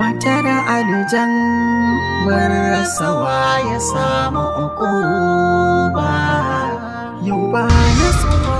matar aljan rasawa ya samu ukuba yau ba na sama.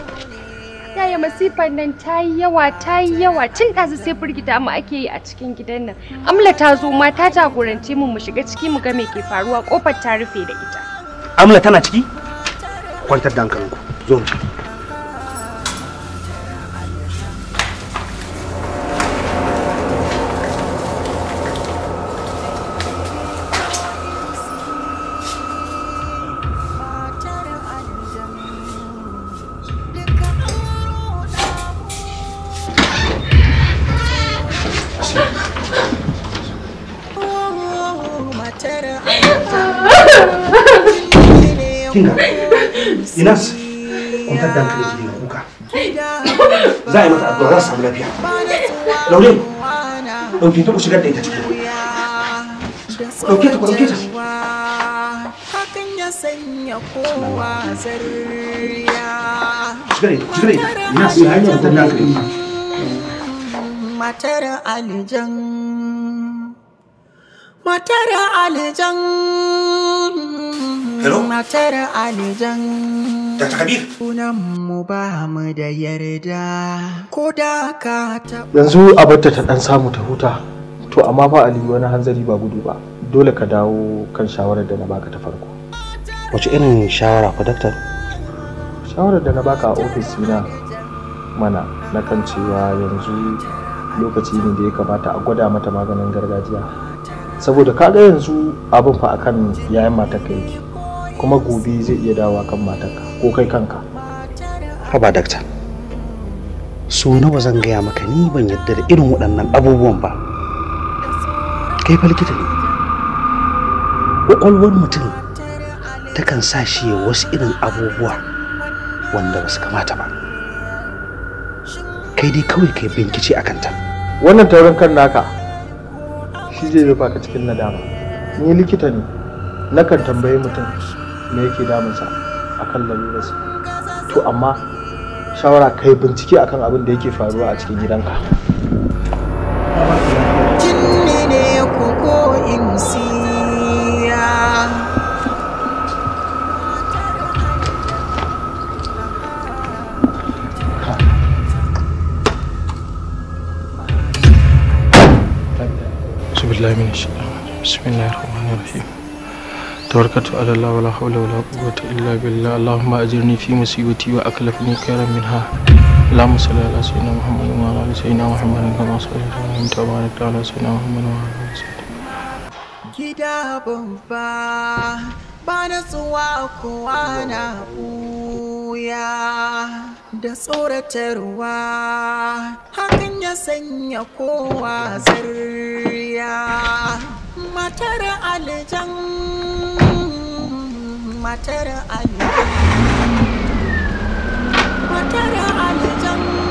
yaya masifar nan ta yi yawa ta yi yawa cin ɗazu sai firgita mu ake yi a cikin gidan nan amla ta zo ma ta jagorance mu mu shiga ciki mu ga me ke faruwa kofar ta rufe da ita amla tana ciki kwantar da hankalinku zo kinga inas kwantar da hankali ki kuka za a yi mata addu'a za su samu lafiya laure ɗauke ta ku shigar da ita ciki ɗauke ta ku ɗauke ta ya sanya kowa zariya matar aljan matar alijan matar alijan Dr. Kabir mu ba mu da yarda ko da yanzu abarta ta dan samu ta huta to amma fa Ali wani hanzari ba gudu ba dole ka dawo kan shawarar da na baka ta farko wace irin shawara fa daktar shawarar da na baka a ofis na mana na kan cewa yanzu lokaci ne da ya kamata a gwada mata maganin gargajiya saboda ka ga yanzu abin fa akan yayan matarka yake kuma gobe zai iya dawo kan matarka ko kai kanka haba dakta so nawa zan gaya maka ni ban yadda da irin waɗannan abubuwan ba kai fa likita ne ƙwaƙwalwar mutum takan sa shi ya wasu irin abubuwa wanda ba su kamata ba kai dai kawai kai binkici akan ta wannan taurin kan naka shi zai rufa ka cikin nadama ni likita ne nakan tambayi mutum me yake damunsa akan lalurarsa to amma shawara kai bincike akan abin da yake faruwa a cikin gidanka billahi minash shaitani bismillahir rahmanir rahim tawakkaltu ala allah wala hawla wala quwwata illa billah allahumma ajirni fi musibati wa aklifni khairan minha اللهم صل على سيدنا محمد وعلى ال سيدنا محمد كما صليت على تبارك على سيدنا محمد وعلى ال سيدنا محمد. da tsoratarwa hakan ya sanya kowa zarriya matar alijan matar alijan matar alijan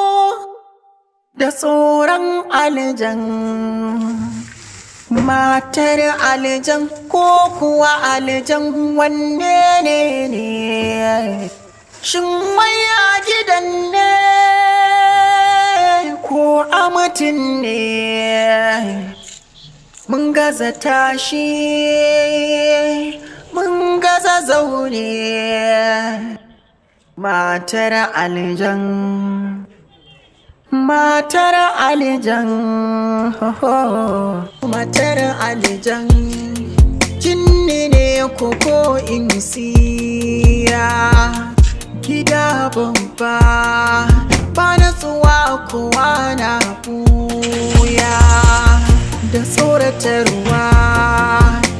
da tsoron aljan matar aljan ko kuwa aljan wanne ne ne shin waya gidan ne ko a mutum ne mun gaza tashi mun gaza zaune matar aljan matar alijan matar alijan jinni ne koko insiya gida babba ba na tsuwa kowa na buya da tsoratarwa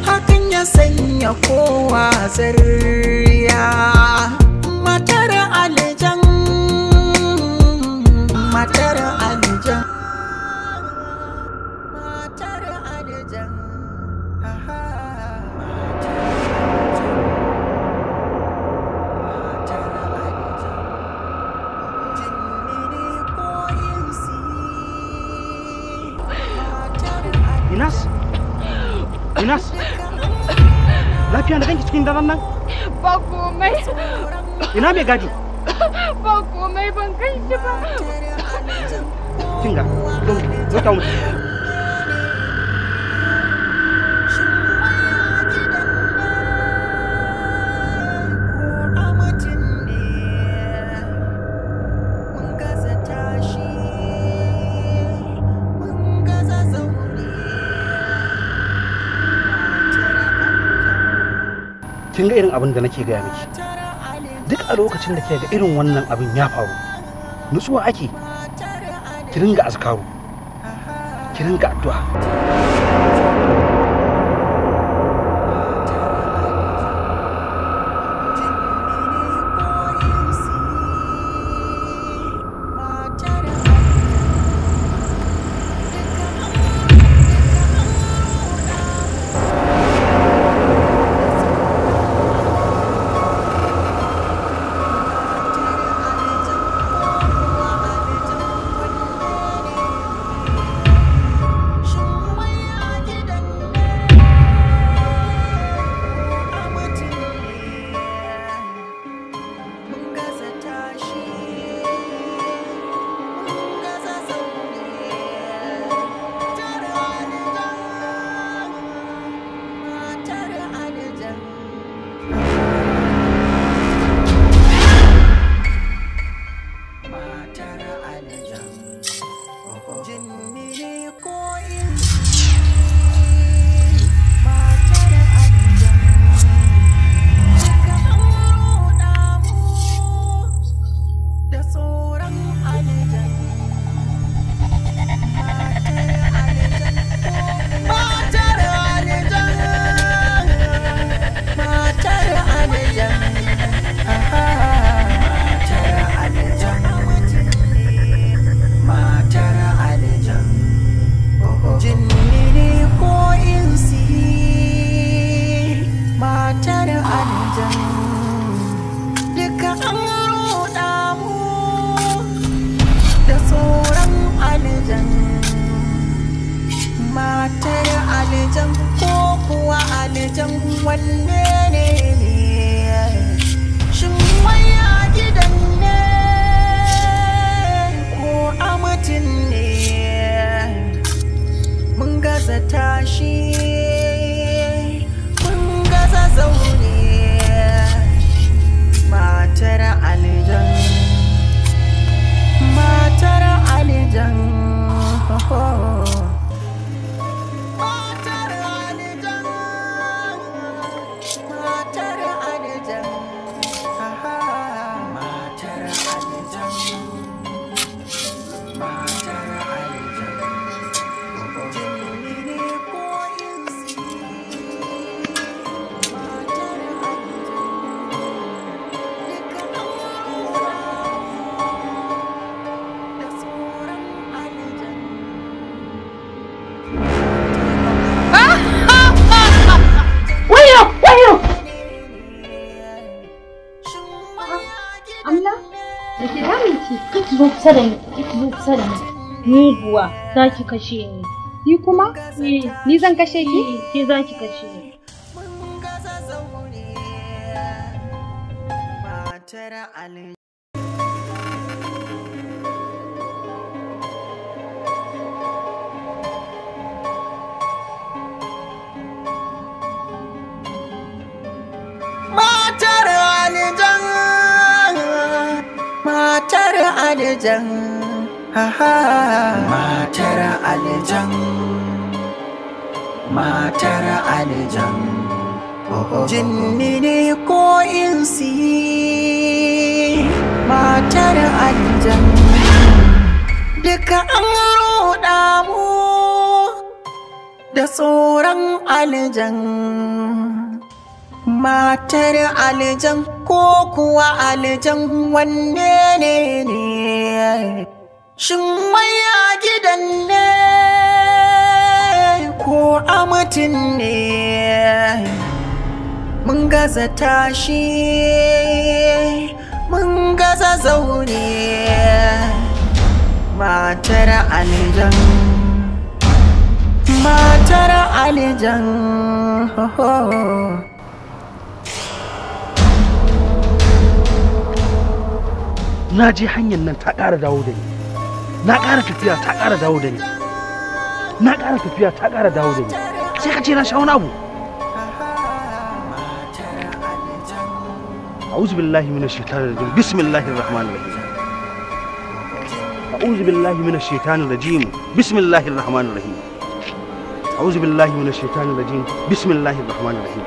hakan ya sanya kowa zarriya mai gadi ba komai ban kai shi ba kinga don mutu kin ga irin abin da nake gaya miki duk a lokacin da ke ga irin wannan abin ya faru nutsuwa ake kiringa ringa azkaru ki addu'a kusa da ni ki zo kusa da ni muguwa za ki kashe ni ni kuma eh. ni zan kashe ki eh, ki za ki kashe ni matar aljan matar aljan matar aljan jinni ne ko insi matar aljan duka an roɗa mu da tsoron aljan matar aljan ko kuwa aljan wanne ne ne shin waya gidan ne ko amatin ne mun gaza tashi mun gaza zaune matar aljan matar aljan na je hanyar nan ta ƙara dawo da ni na ƙara tafiya ta ƙara dawo da ni na ƙara tafiya ta ƙara dawo da ni sai ka ce na sha wani abu أعوذ بالله من الشيطان الرجيم بسم الله الرحمن الرحيم أعوذ بالله من الشيطان الرجيم بسم الله الرحمن الرحيم أعوذ بالله من الشيطان الرجيم بسم الله الرحمن الرحيم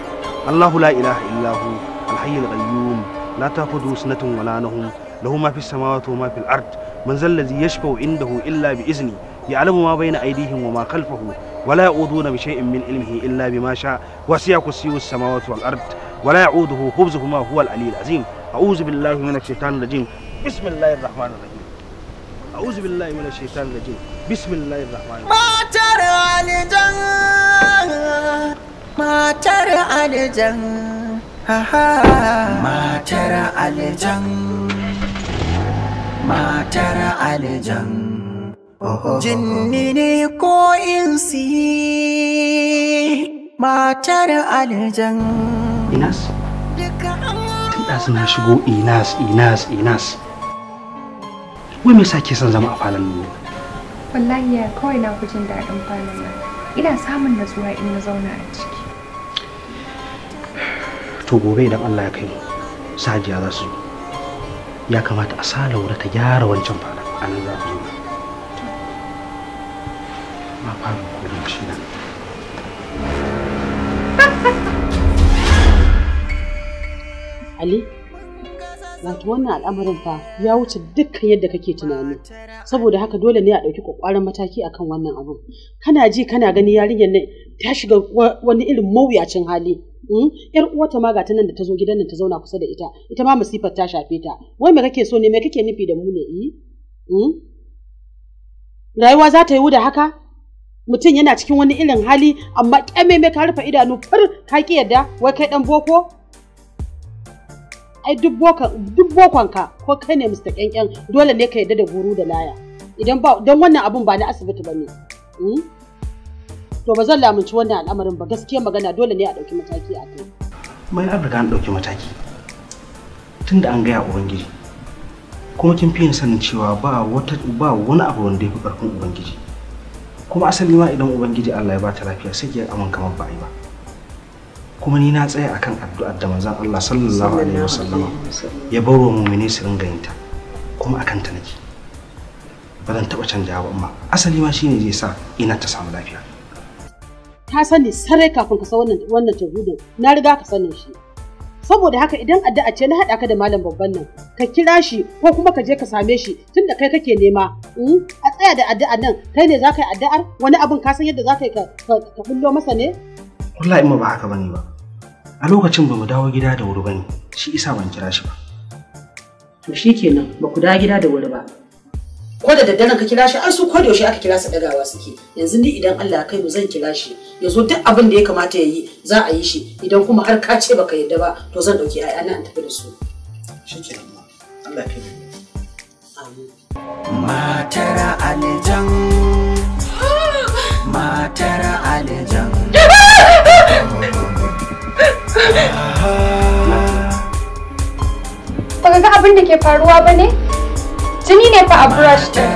الله لا إله إلا هو الحي القيوم لا تأخذه سنة ولا نوم له ما في السماوات وما في الأرض من ذا الذي يشفع عنده إلا بإذنه يعلم ما بين أيديهم وما خلفه ولا يؤذون بشيء من علمه إلا بما شاء وسع كرسيه السماوات والأرض ولا يعوده حفظهما هو العلي العظيم أعوذ بالله من الشيطان الرجيم بسم الله الرحمن الرحيم أعوذ بالله من الشيطان الرجيم بسم الله الرحمن الرحيم ما ترى الجنة ما ترى الجنة ما ترى الجنة matar aljan jinni ne ko insi matar aljan inas tunda suna shigo inas inas inas wai me yasa ke son zama a falon nan wallahi ya kawai na ku jin daɗin falon nan ina samun natsuwa in na zauna a ciki to gobe idan Allah ya kai mu sajiya za su zo ya kamata a sa laura ta gyara wancan fara a nan za ku zo ma fara kodin shi nan Ali, wato wannan al'amarin fa ya wuce dukkan yadda kake tunani saboda haka dole ne a ɗauki ƙwaƙwaran mataki akan wannan abun kana ji kana gani yarinyar nan ta shiga wani irin mawuyacin hali Hmm? yar uwata ma gata nan da ta zo gidan nan ta zauna kusa da ita ita ma masifar ta shafe ta wai me kake so ne me kake nufi da mu ne yi eh? hmm? rayuwa za ta yi da haka mutum yana cikin wani irin hali amma me ka rufe idanu kar ka ki yarda wai kai dan boko ai duk bokon ka ko kai ne Mr. Kyankyan dole ne ka yarda da guru da laya idan ba don wannan abun ba na asibiti ba ne hmm? to ba zan lamunci wannan al'amarin ba gaskiya magana dole ne a ɗauki mataki a kai mai an riga an ɗauki mataki tunda an gaya ubangiji kuma kin fiye sanin cewa ba wata ba wani abu wanda ya fi ƙarfin ubangiji kuma asali ma idan ubangiji Allah ya ba ta lafiya sai ki aman kamar ba yi ba kuma ni na tsaya akan addu'ar da manzon Allah sallallahu alaihi wasallam ya baro mu'mini su ringa yin ta kuma akan ta nake ba zan taɓa canja ba amma asali ma shine zai sa ina ta samu lafiya ka sani sarai kafin ka san wannan wannan na riga ka sanin shi saboda haka idan addu'a ce na haɗa ka da malam babban nan ka kira shi ko kuma ka je ka same shi tunda kai kake nema hmm? a tsaya da addu'a nan kai ne zaka yi addu'ar wani abin ka san yadda za ka yi ka kullo masa ne wallahi in ba haka bane ba a lokacin ba mu dawo gida da wuri bane shi isa ban kira shi ba to shikenan ba ku dawo gida da wuri ba ko da daddaren ka kira shi ai su ko da yaushe aka kira su dagawa suke yanzu ni idan Allah ya kai mu zan kira shi ya duk abin da ya kamata ya yi za a yi shi idan kuma har ka ce baka yadda ba to zan dauki ai ana tafi da su shikenan Allah ya matara alijan matara alijan Baka ga abin da ke faruwa ba ne? tuni ne fa a brush din.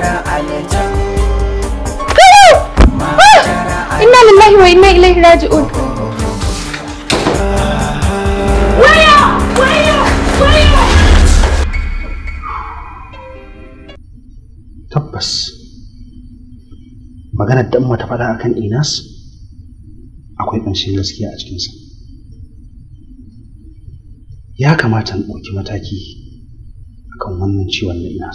Ah! Inna lillahi wa inna ilaihi raji'un. Tabbas. Maganar da ta faɗa akan Inas akwai ƙanshin gaskiya a cikinsa. Ya kamata in ɗauki mataki kan wannan ciwon na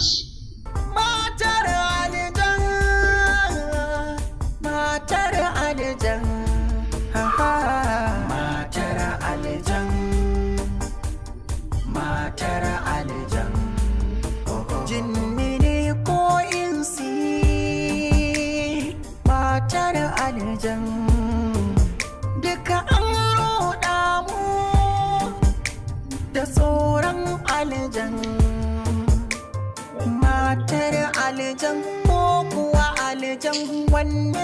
one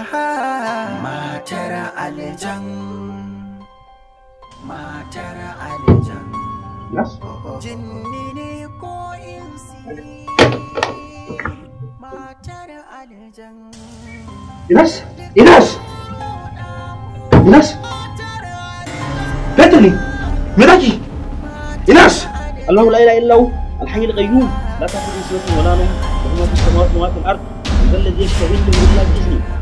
matar alijan matar alijan jinni ne ko insi matar alijan Inas! Inas! Inas! Petri! Miraki Inas! Allahu la ilaha illahu الحي القيوم لا تأخذ سنة ولا نوم وهو في السماوات وما في الأرض ذا الذي يشفع عنده إلا بإذنه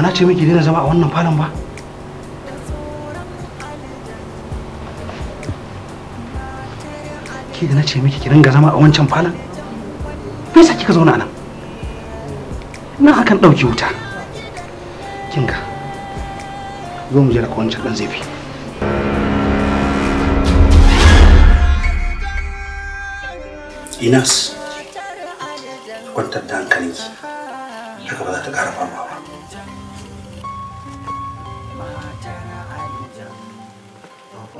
ana na ce miki daina zama a wannan falon ba ki da na ce miki ki ringa zama a wancan falon me yasa kika zauna nan na akan ɗauki wuta kinga zo mu je ka wancan ɗan zafi Inas, kwantar da hankalinki, haka ba za ta ƙara fama ba.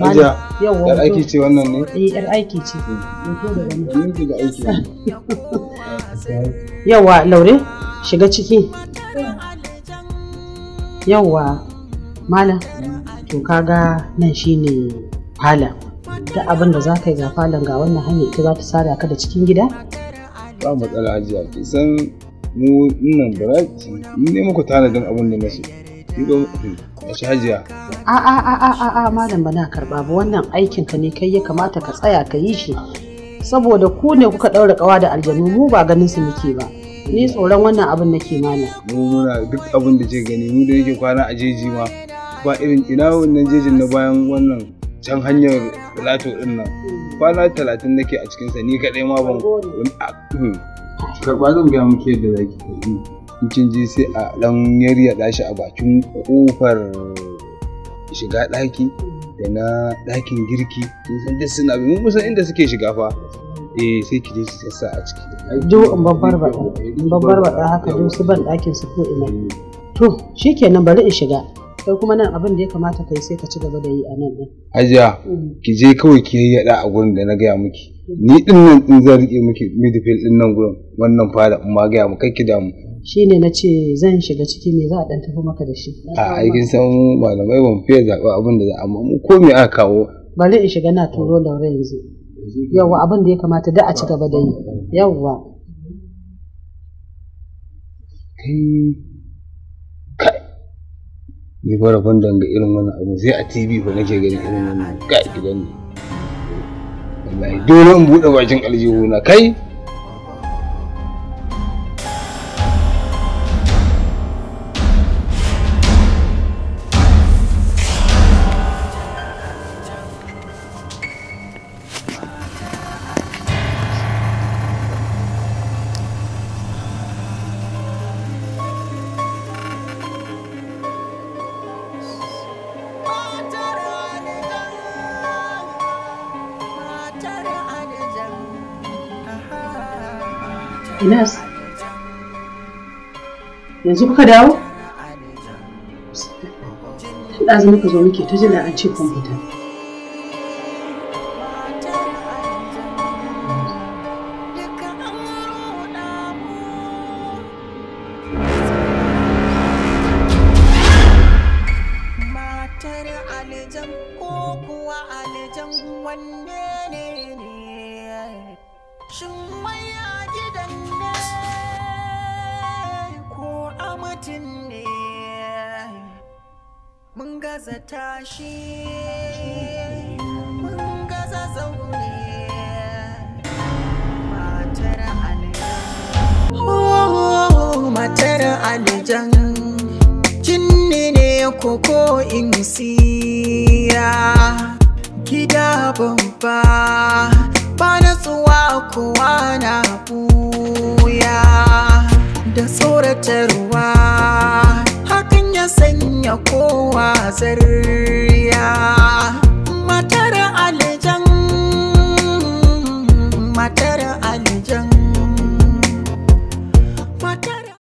Aja, yar aiki ce wannan ne? Eh, yar aiki ce. Hmm. Yawa, Laure, shiga ciki. Yawa, Malam, to kaga nan shi ne falon. ta abin da za ka yi ga falon ga wannan hanyar ita za ta sada ka da cikin gida? Ba matsala ajiya, ki san mu nan da ni ne muku tanadin abin da na so. shi hajiya a a a a a a malam bana karba ba wannan aikin ka ne kai ya kamata ka tsaya ka yi shi saboda ku ne kuka daura kawa da aljanu mu ba ganin su muke ba ni tsoron wannan abin nake mana mu muna duk abin da ke gani mu da yake kwana a jeji ma ba irin ina wannan jejin na bayan wannan can hanyar lato din nan kwana talatin nake a cikinsa ni kaɗai ma ban hmm. karɓa zan gaya muke da zaki in ji sai a dan yarya dashi a bakin kofar shiga daki da na ɗakin girki sun san suna bi mun san inda suke shiga fa eh sai ki je ki sa a ciki duk in babbar bada in babbar dan haka duk su ban dakin su ko ina eh. to shikenan bari in shiga sai kuma nan abin da ya kamata kai sai ka ci gaba da yi a nan din hajiya mm. ki je kawai ki yayyada a gurin da na gaya miki ni din nan din zan rike miki midfield din nan gurin wannan fara in ma gaya mu kai ki damu shine na ce zan shiga ciki me za a dan tafi maka da shi a aikin san malamai ban fiye zaɓa abin da za amma mu ko me aka kawo bari in shiga na turo laure yanzu yawwa abin da ya kamata da a ci gaba da yi yawwa kai ni fara ban danga irin wannan abu sai a tv fa nake ganin irin wannan kai gidan ne wallahi dole in bude bakin aljihu na kai Inas, yanzu kuka dawo? Tun ɗazu muka zo muke ta jira an ce kwamfuta. mutum ne mun gaza tashi mun gaza zaune matar alijan oh, matar alijan cinne ne koko insiya gida babba ba zuwa kowa na buya da tsoratarwa hakan ya sanya kowa zarriya matar alijan